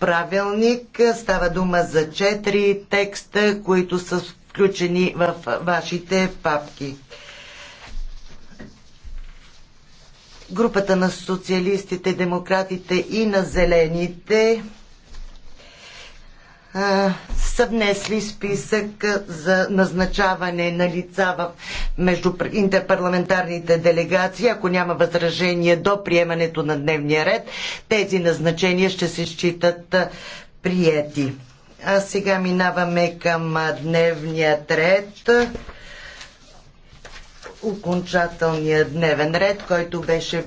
правилник. Става дума за четири текста, които са включени в вашите папки. Групата на социалистите, демократите и на зелените са внесли списък за назначаване на лица в между интерпарламентарните делегации. Ако няма възражение до приемането на дневния ред, тези назначения ще се считат приети. А сега минаваме към дневния ред. Окончателният дневен ред, който беше